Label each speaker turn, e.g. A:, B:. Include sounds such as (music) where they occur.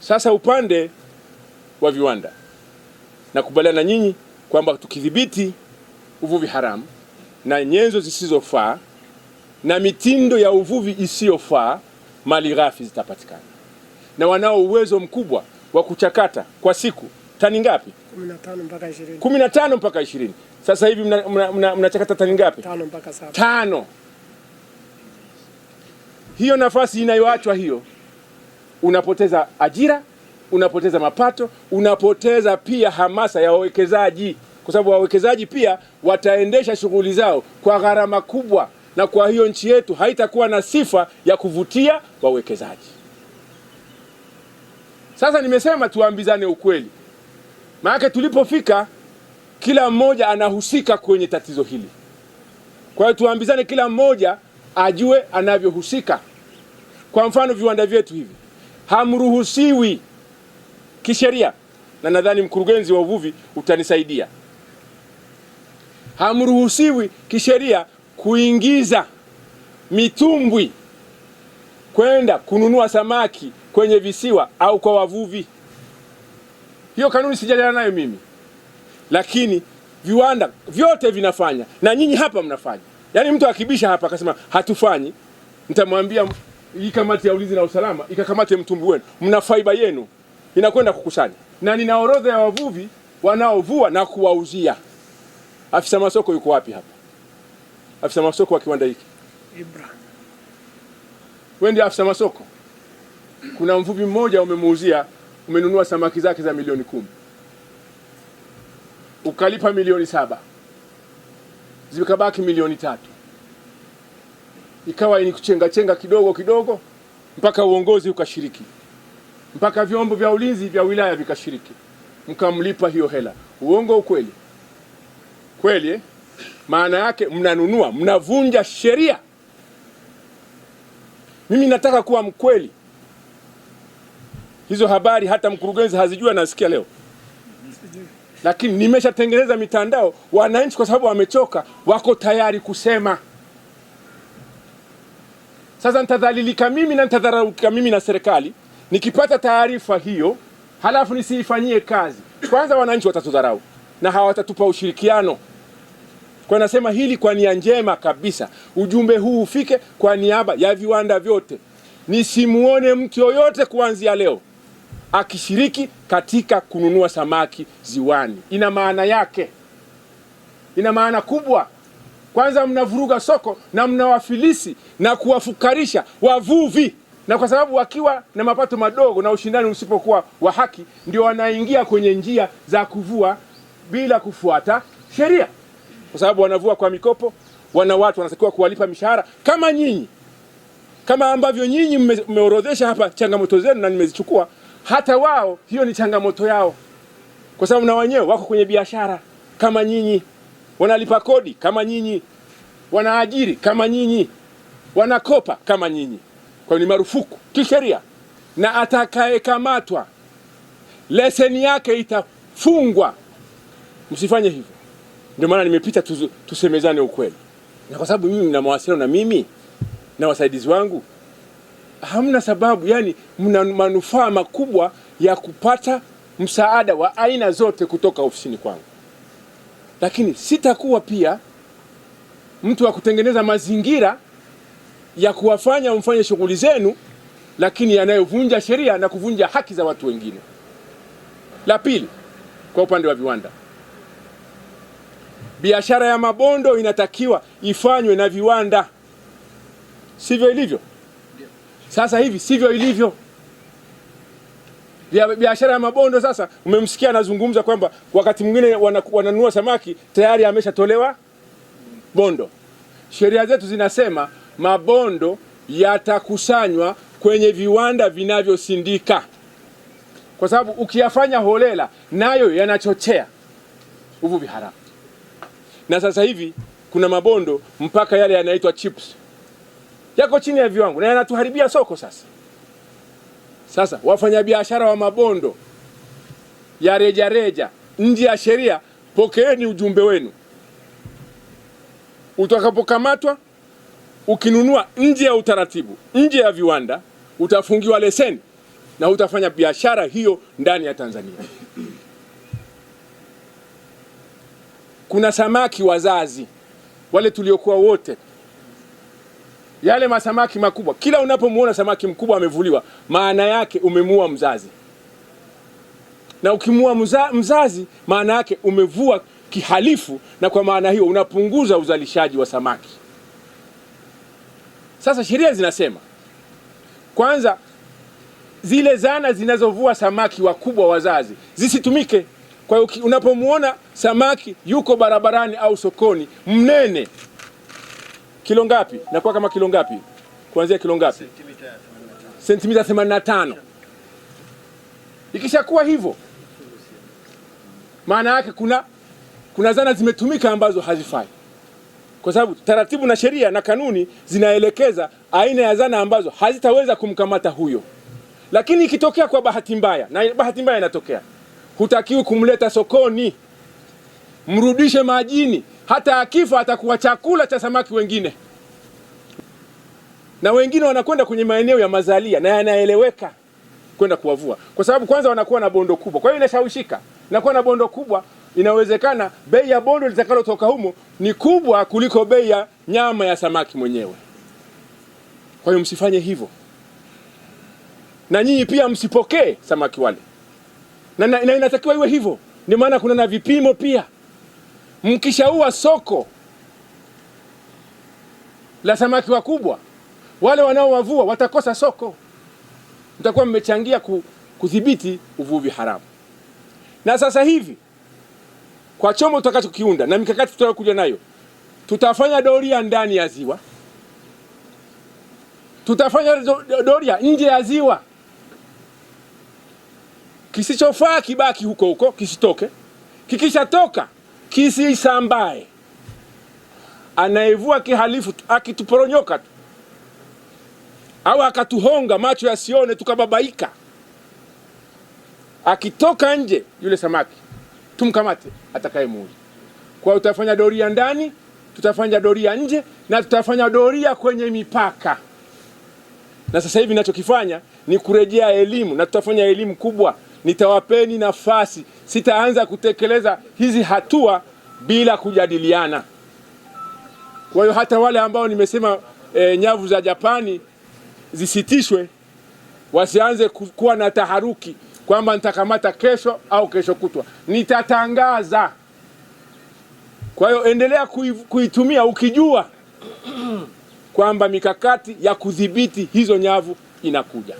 A: Sasa upande wa viwanda, nakubaliana nyinyi kwamba tukidhibiti uvuvi haramu na nyenzo zisizofaa na mitindo ya uvuvi isiyofaa, mali ghafi zitapatikana, na wanao uwezo mkubwa wa kuchakata kwa siku tani ngapi?
B: 15 mpaka 20.
A: 15 mpaka 20. Sasa hivi mnachakata tani ngapi?
B: Tano mpaka saba.
A: Tano. Hiyo nafasi inayoachwa hiyo unapoteza ajira, unapoteza mapato, unapoteza pia hamasa ya wawekezaji, kwa sababu wawekezaji pia wataendesha shughuli zao kwa gharama kubwa, na kwa hiyo nchi yetu haitakuwa na sifa ya kuvutia wawekezaji. Sasa nimesema tuambizane ukweli, maana tulipofika kila mmoja anahusika kwenye tatizo hili. Kwa hiyo tuambizane, kila mmoja ajue anavyohusika. Kwa mfano viwanda vyetu hivi hamruhusiwi kisheria, na nadhani mkurugenzi wa uvuvi utanisaidia, hamruhusiwi kisheria kuingiza mitumbwi kwenda kununua samaki kwenye visiwa au kwa wavuvi. Hiyo kanuni sijadiliana nayo mimi, lakini viwanda vyote vinafanya na nyinyi hapa mnafanya. Yaani mtu akibisha hapa akasema hatufanyi, nitamwambia hii kamati ya ulinzi na usalama ikakamate mtumbwi wenu, mna faiba yenu inakwenda kukusanya, na nina orodha ya wavuvi wanaovua na kuwauzia. Afisa masoko yuko wapi hapa? Afisa masoko wa kiwanda hiki Ibrahim, wewe ndiye afisa masoko. Kuna mvuvi mmoja umemuuzia, umenunua samaki zake za milioni kumi ukalipa milioni saba zikabaki milioni tatu ikawa ni kuchengachenga kidogo kidogo, mpaka uongozi ukashiriki, mpaka vyombo vya ulinzi vya wilaya vikashiriki, mkamlipa hiyo hela. Uongo ukweli? Kweli eh? Maana yake mnanunua, mnavunja sheria. Mimi nataka kuwa mkweli. Hizo habari hata mkurugenzi hazijua, nasikia leo, lakini nimeshatengeneza mitandao. Wananchi kwa sababu wamechoka, wako tayari kusema. Sasa nitadhalilika mimi na nitadharaulika mimi na serikali nikipata taarifa hiyo, halafu nisiifanyie kazi. Kwanza wananchi watatudharau na hawatatupa ushirikiano. Kwa nasema hili kwa nia njema kabisa, ujumbe huu ufike kwa niaba ya viwanda vyote. Nisimuone mtu yoyote kuanzia leo akishiriki katika kununua samaki ziwani. Ina maana yake, ina maana kubwa. Kwanza mnavuruga soko na mnawafilisi na kuwafukarisha wavuvi, na kwa sababu wakiwa na mapato madogo na ushindani usipokuwa wa haki, ndio wanaingia kwenye njia za kuvua bila kufuata sheria, kwa sababu wanavua kwa mikopo. Wana watu wanatakiwa kuwalipa mishahara kama nyinyi, kama ambavyo nyinyi mmeorodhesha hapa changamoto zenu na nimezichukua. Hata wao hiyo ni changamoto yao, kwa sababu na wenyewe wako kwenye biashara kama nyinyi wanalipa kodi kama nyinyi, wanaajiri kama nyinyi, wanakopa kama nyinyi. Kwa hiyo ni marufuku kisheria, na atakayekamatwa leseni yake itafungwa. Msifanye hivyo. Ndio maana nimepita tuzu, tusemezane ukweli, na kwa sababu mimi na mawasiliano na mimi na wasaidizi wangu, hamna sababu, yani mna manufaa makubwa ya kupata msaada wa aina zote kutoka ofisini kwangu lakini sitakuwa pia mtu wa kutengeneza mazingira ya kuwafanya mfanye shughuli zenu, lakini yanayovunja sheria na kuvunja haki za watu wengine. La pili, kwa upande wa viwanda, biashara ya mabondo inatakiwa ifanywe na viwanda, sivyo ilivyo sasa hivi, sivyo ilivyo ya biashara ya mabondo. Sasa umemsikia anazungumza kwamba wakati mwingine wananunua samaki tayari ameshatolewa bondo. Sheria zetu zinasema mabondo yatakusanywa kwenye viwanda vinavyosindika, kwa sababu ukiyafanya holela nayo yanachochea uvuvi haramu. Na sasa hivi kuna mabondo mpaka yale yanaitwa chips yako chini ya viwango na yanatuharibia soko sasa. Sasa wafanyabiashara wa mabondo ya rejareja nje ya sheria, pokeeni ujumbe wenu. Utakapokamatwa ukinunua nje ya utaratibu, nje ya viwanda, utafungiwa leseni na utafanya biashara hiyo ndani ya Tanzania. Kuna samaki wazazi wale tuliokuwa wote yale masamaki makubwa. Kila unapomuona samaki mkubwa amevuliwa, maana yake umemua mzazi, na ukimua mza, mzazi maana yake umevua kihalifu, na kwa maana hiyo unapunguza uzalishaji wa samaki. Sasa sheria zinasema kwanza, zile zana zinazovua samaki wakubwa wazazi zisitumike. Kwa hiyo unapomuona samaki yuko barabarani au sokoni mnene kilo ngapi? Nakuwa kama kilo ngapi? Kuanzia kilo ngapi?
B: Sentimita 85.
A: Ikishakuwa hivyo, maana yake kuna kuna zana zimetumika ambazo hazifai, kwa sababu taratibu na sheria na kanuni zinaelekeza aina ya zana ambazo hazitaweza kumkamata huyo. Lakini ikitokea kwa bahati mbaya, na bahati mbaya inatokea, hutakiwi kumleta sokoni, mrudishe majini hata akifa atakuwa chakula cha samaki wengine, na wengine wanakwenda kwenye maeneo ya mazalia na yanaeleweka kwenda kuwavua, kwa sababu kwanza wanakuwa na bondo kubwa, kwa hiyo inashawishika. Nakuwa na bondo kubwa, inawezekana bei ya bondo litakalotoka humo ni kubwa kuliko bei ya nyama ya samaki mwenyewe. Kwa hiyo msifanye hivyo, na nyinyi pia msipokee samaki wale, na, na inatakiwa iwe hivyo. Ndio maana kuna na vipimo pia mkishaua soko la samaki wakubwa, wale wanaowavua watakosa soko, mtakuwa mmechangia kudhibiti uvuvi haramu. Na sasa hivi kwa chombo tutakachokiunda na mikakati tutayokuja nayo, tutafanya doria ndani ya ziwa, tutafanya doria nje ya ziwa. Kisichofaa kibaki huko huko, kisitoke. Kikishatoka kisi isambae anayevua kihalifu akituporonyoka tu au akatuhonga macho yasione tukababaika, akitoka nje yule samaki tumkamate atakayemuuza. Kwa tutafanya doria ndani, tutafanya doria nje na tutafanya doria kwenye mipaka. Na sasa hivi ninachokifanya ni kurejea elimu, na tutafanya elimu kubwa nitawapeni nafasi. Sitaanza kutekeleza hizi hatua bila kujadiliana. Kwa hiyo hata wale ambao nimesema e, nyavu za Japani zisitishwe, wasianze kuwa na taharuki kwamba nitakamata kesho au kesho kutwa, nitatangaza. Kwa hiyo endelea kuitumia ukijua (clears throat) kwamba mikakati ya kudhibiti hizo nyavu inakuja.